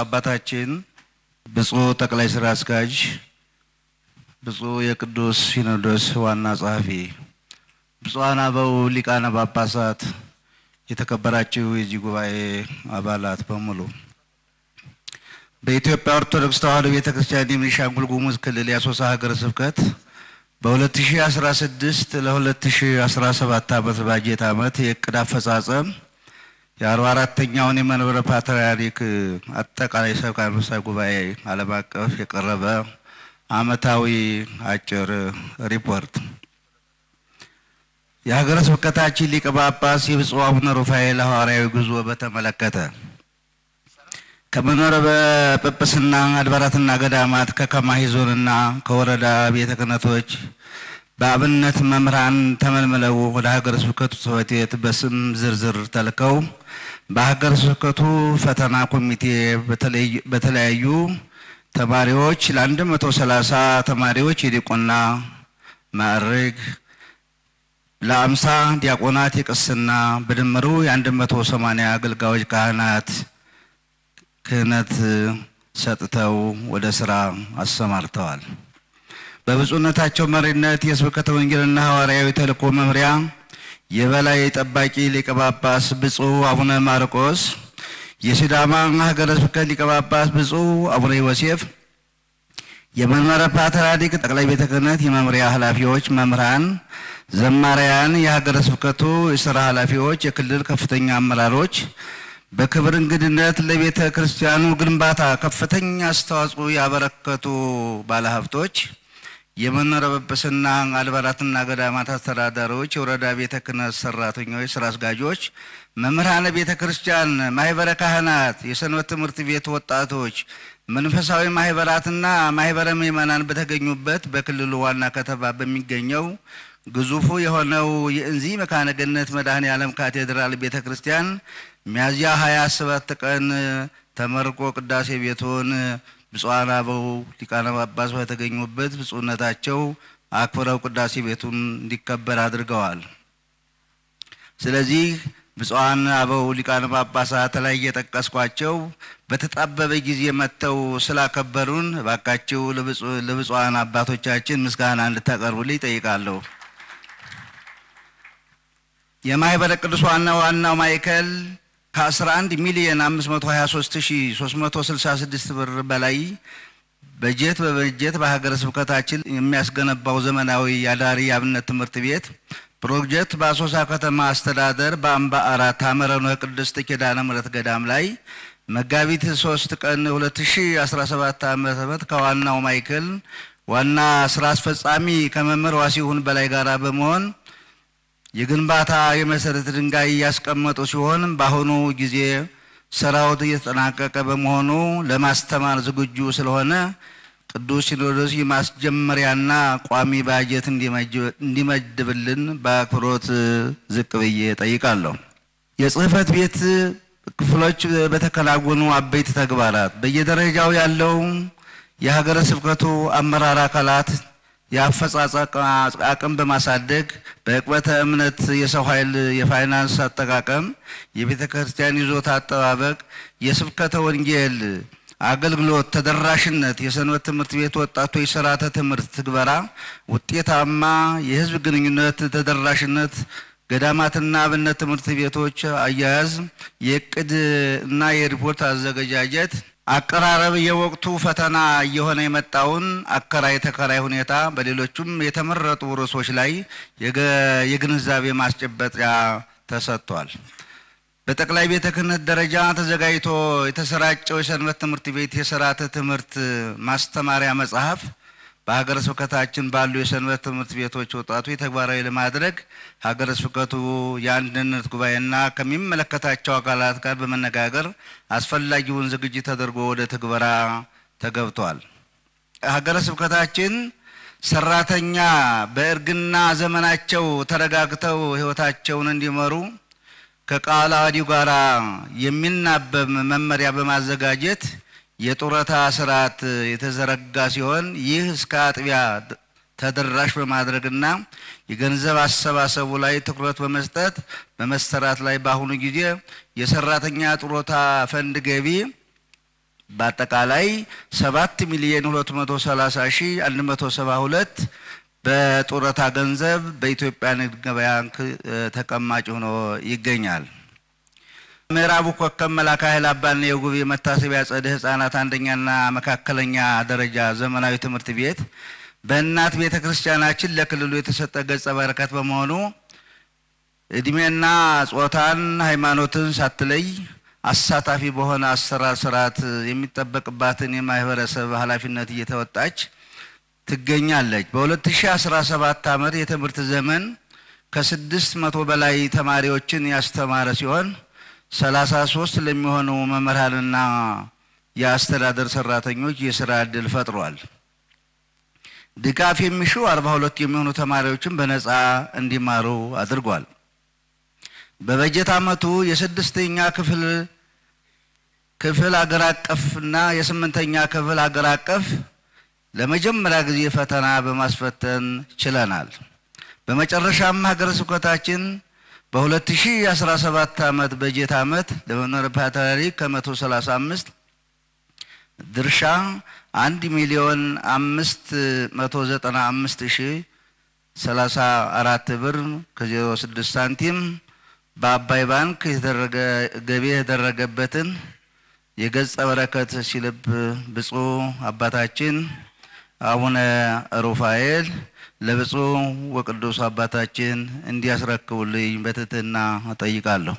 አባታችን ብፁዕ ጠቅላይ ስራ አስኪያጅ፣ ብፁዕ የቅዱስ ሲኖዶስ ዋና ጸሐፊ፣ ብፁዓን አበው ሊቃነ ጳጳሳት፣ የተከበራችሁ የዚህ ጉባኤ አባላት በሙሉ በኢትዮጵያ ኦርቶዶክስ ተዋሕዶ ቤተ ክርስቲያን የቤኒሻንጉል ጉሙዝ ክልል የአሶሳ ሀገረ ስብከት በ2016 ለ2017 ዓመት ባጀት ዓመት የእቅድ አፈጻጸም የአርባ አራተኛውን የመንበረ ፓትርያርክ አጠቃላይ ሰበካ መንፈሳዊ ጉባኤ ዓለም አቀፍ የቀረበ ዓመታዊ አጭር ሪፖርት የሀገረ ስብከታችን ሊቀ ጳጳስ የብፁዕ አቡነ ሩፋኤል ሐዋርያዊ ጉዞ በተመለከተ ከመንበረ ጵጵስና አድባራትና ገዳማት ከከማሂ ዞንና ከወረዳ ቤተ ክህነቶች በአብነት መምህራን ተመልምለው ወደ ሀገረ ስብከቱ ጽሕፈት ቤት በስም ዝርዝር ተልከው በሀገረ ስብከቱ ፈተና ኮሚቴ በተለያዩ ተማሪዎች ለ130 ተማሪዎች የዲቆና ማዕረግ ለአምሳ ዲያቆናት የቅስና በድምሩ የ180 አገልጋዮች ካህናት ክህነት ሰጥተው ወደ ስራ አሰማርተዋል። በብፁዕነታቸው መሪነት የስብከተ ወንጌልና ሐዋርያዊ ተልእኮ መምሪያ የበላይ ጠባቂ ሊቀ ጳጳስ ብፁዕ አቡነ ማርቆስ፣ የሲዳማ ሀገረ ስብከት ሊቀ ጳጳስ ብፁዕ አቡነ ዮሴፍ፣ የመንበረ ፓትርያርክ ጠቅላይ ቤተ ክህነት የመምሪያ ኃላፊዎች፣ መምህራን፣ ዘማሪያን፣ የሀገረ ስብከቱ የስራ ኃላፊዎች፣ የክልል ከፍተኛ አመራሮች በክብር እንግድነት ለቤተ ክርስቲያኑ ግንባታ ከፍተኛ አስተዋጽኦ ያበረከቱ ባለሀብቶች የመኖረ ጵጵስና አልባራትና ገዳማት አስተዳዳሪዎች፣ የወረዳ ቤተ ክህነት ሰራተኞች፣ ስራ አስጋጆች፣ መምህራነ ቤተ ክርስቲያን፣ ማህበረ ካህናት፣ የሰንበት ትምህርት ቤት ወጣቶች፣ መንፈሳዊ ማህበራትና ማህበረ ምዕመናን በተገኙበት በክልሉ ዋና ከተማ በሚገኘው ግዙፉ የሆነው የእንዚ መካነ ገነት መድኃኔ ዓለም ካቴድራል ቤተ ክርስቲያን ሚያዝያ 27 ቀን ተመርቆ ቅዳሴ ቤቱን ብፁዓን አበው ሊቃነ ጳጳሳት በተገኙበት ብፁዕነታቸው አክብረው ቅዳሴ ቤቱን እንዲከበር አድርገዋል። ስለዚህ ብፁዓን አበው ሊቃነ ጳጳሳት ላይ እየጠቀስኳቸው በተጣበበ ጊዜ መጥተው ስላከበሩን እባካችሁ ለብፁዓን አባቶቻችን ምስጋና እንድታቀርቡልኝ ጠይቃለሁ። የማኅበረ ቅዱሳን ዋናው ማዕከል ከ11 ሚሊዮን 523366 ብር በላይ በጀት በበጀት በሀገረ ስብከታችን የሚያስገነባው ዘመናዊ የአዳሪ የአብነት ትምህርት ቤት ፕሮጀክት በአሶሳ ከተማ አስተዳደር በአምባ አራት አመረኖ ቅድስት ኪዳነ ምሕረት ገዳም ላይ መጋቢት 3 ቀን 2017 ዓ.ም ከዋናው ማዕከል ዋና ስራ አስፈጻሚ ከመምህር ዋሲሁን በላይ ጋራ በመሆን የግንባታ የመሰረተ ድንጋይ እያስቀመጡ ሲሆን በአሁኑ ጊዜ ሰራዊት እየተጠናቀቀ በመሆኑ ለማስተማር ዝግጁ ስለሆነ ቅዱስ ሲኖዶስ የማስጀመሪያና ቋሚ ባጀት እንዲመድብልን በአክብሮት ዝቅ ብዬ ጠይቃለሁ። የጽህፈት ቤት ክፍሎች በተከናወኑ አበይት ተግባራት በየደረጃው ያለው የሀገረ ስብከቱ አመራር አካላት የአፈጻጸም አቅም በማሳደግ በእቅበተ እምነት የሰው ኃይል የፋይናንስ አጠቃቀም፣ የቤተ ክርስቲያን ይዞታ አጠባበቅ፣ የስብከተ ወንጌል አገልግሎት ተደራሽነት፣ የሰንበት ትምህርት ቤት ወጣቶች ስርዓተ ትምህርት ትግበራ፣ ውጤታማ የህዝብ ግንኙነት ተደራሽነት፣ ገዳማትና አብነት ትምህርት ቤቶች አያያዝ፣ የእቅድ እና የሪፖርት አዘገጃጀት አቀራረብ የወቅቱ ፈተና እየሆነ የመጣውን አከራይ ተከራይ ሁኔታ በሌሎችም የተመረጡ ርዕሶች ላይ የግንዛቤ ማስጨበጫ ተሰጥቷል። በጠቅላይ ቤተ ክህነት ደረጃ ተዘጋጅቶ የተሰራጨው የሰንበት ትምህርት ቤት የስርዓተ ትምህርት ማስተማሪያ መጽሐፍ በሀገረ ስብከታችን ባሉ የሰንበት ትምህርት ቤቶች ወጣቱ ተግባራዊ ለማድረግ ሀገረ ስብከቱ የአንድነት ጉባኤና ከሚመለከታቸው አካላት ጋር በመነጋገር አስፈላጊውን ዝግጅት ተደርጎ ወደ ትግበራ ተገብቷል። ሀገረ ስብከታችን ሰራተኛ በእርግና ዘመናቸው ተረጋግተው ሕይወታቸውን እንዲመሩ ከቃለ ዓዋዲው ጋር የሚናበብ መመሪያ በማዘጋጀት የጡረታ ስርዓት የተዘረጋ ሲሆን ይህ እስከ አጥቢያ ተደራሽ በማድረግና የገንዘብ አሰባሰቡ ላይ ትኩረት በመስጠት በመሰራት ላይ በአሁኑ ጊዜ የሰራተኛ ጡረታ ፈንድ ገቢ በአጠቃላይ 7 ሚሊዮን 172 በጡረታ ገንዘብ በኢትዮጵያ ንግድ ገበያ ተቀማጭ ሆኖ ይገኛል። ምዕራቡ ኮከብ መላካ ኃይል አባና የጉቢ መታሰቢያ ጸደ ህጻናት አንደኛና መካከለኛ ደረጃ ዘመናዊ ትምህርት ቤት በእናት ቤተ ክርስቲያናችን ለክልሉ የተሰጠ ገጸ በረከት በመሆኑ እድሜና ጾታን ሃይማኖትን ሳትለይ አሳታፊ በሆነ አሰራር ስርዓት የሚጠበቅባትን የማህበረሰብ ኃላፊነት እየተወጣች ትገኛለች። በ2017 ዓመት የትምህርት ዘመን ከስድስት መቶ በላይ ተማሪዎችን ያስተማረ ሲሆን ሰላሳ ሶስት ለሚሆኑ መምህራንና የአስተዳደር ሰራተኞች የስራ እድል ፈጥሯል። ድጋፍ የሚሹ አርባ ሁለት የሚሆኑ ተማሪዎችን በነፃ እንዲማሩ አድርጓል። በበጀት ዓመቱ የስድስተኛ ክፍል ክፍል አገር አቀፍ እና የስምንተኛ ክፍል አገር አቀፍ ለመጀመሪያ ጊዜ ፈተና በማስፈተን ችለናል። በመጨረሻም ሀገረ ስብከታችን በ2017 ዓመት በጀት ዓመት ለመንበረ ፓትርያርክ ከ135 ድርሻ 1 ሚሊዮን 595 ሺህ 34 ብር ከ06 ሳንቲም በአባይ ባንክ የተደረገ ገቢ የተደረገበትን የገጸ በረከት ሲልብ ብፁዕ አባታችን አቡነ ሩፋኤል ለብፁዕ ወቅዱስ አባታችን እንዲያስረክቡልኝ በትህትና እጠይቃለሁ።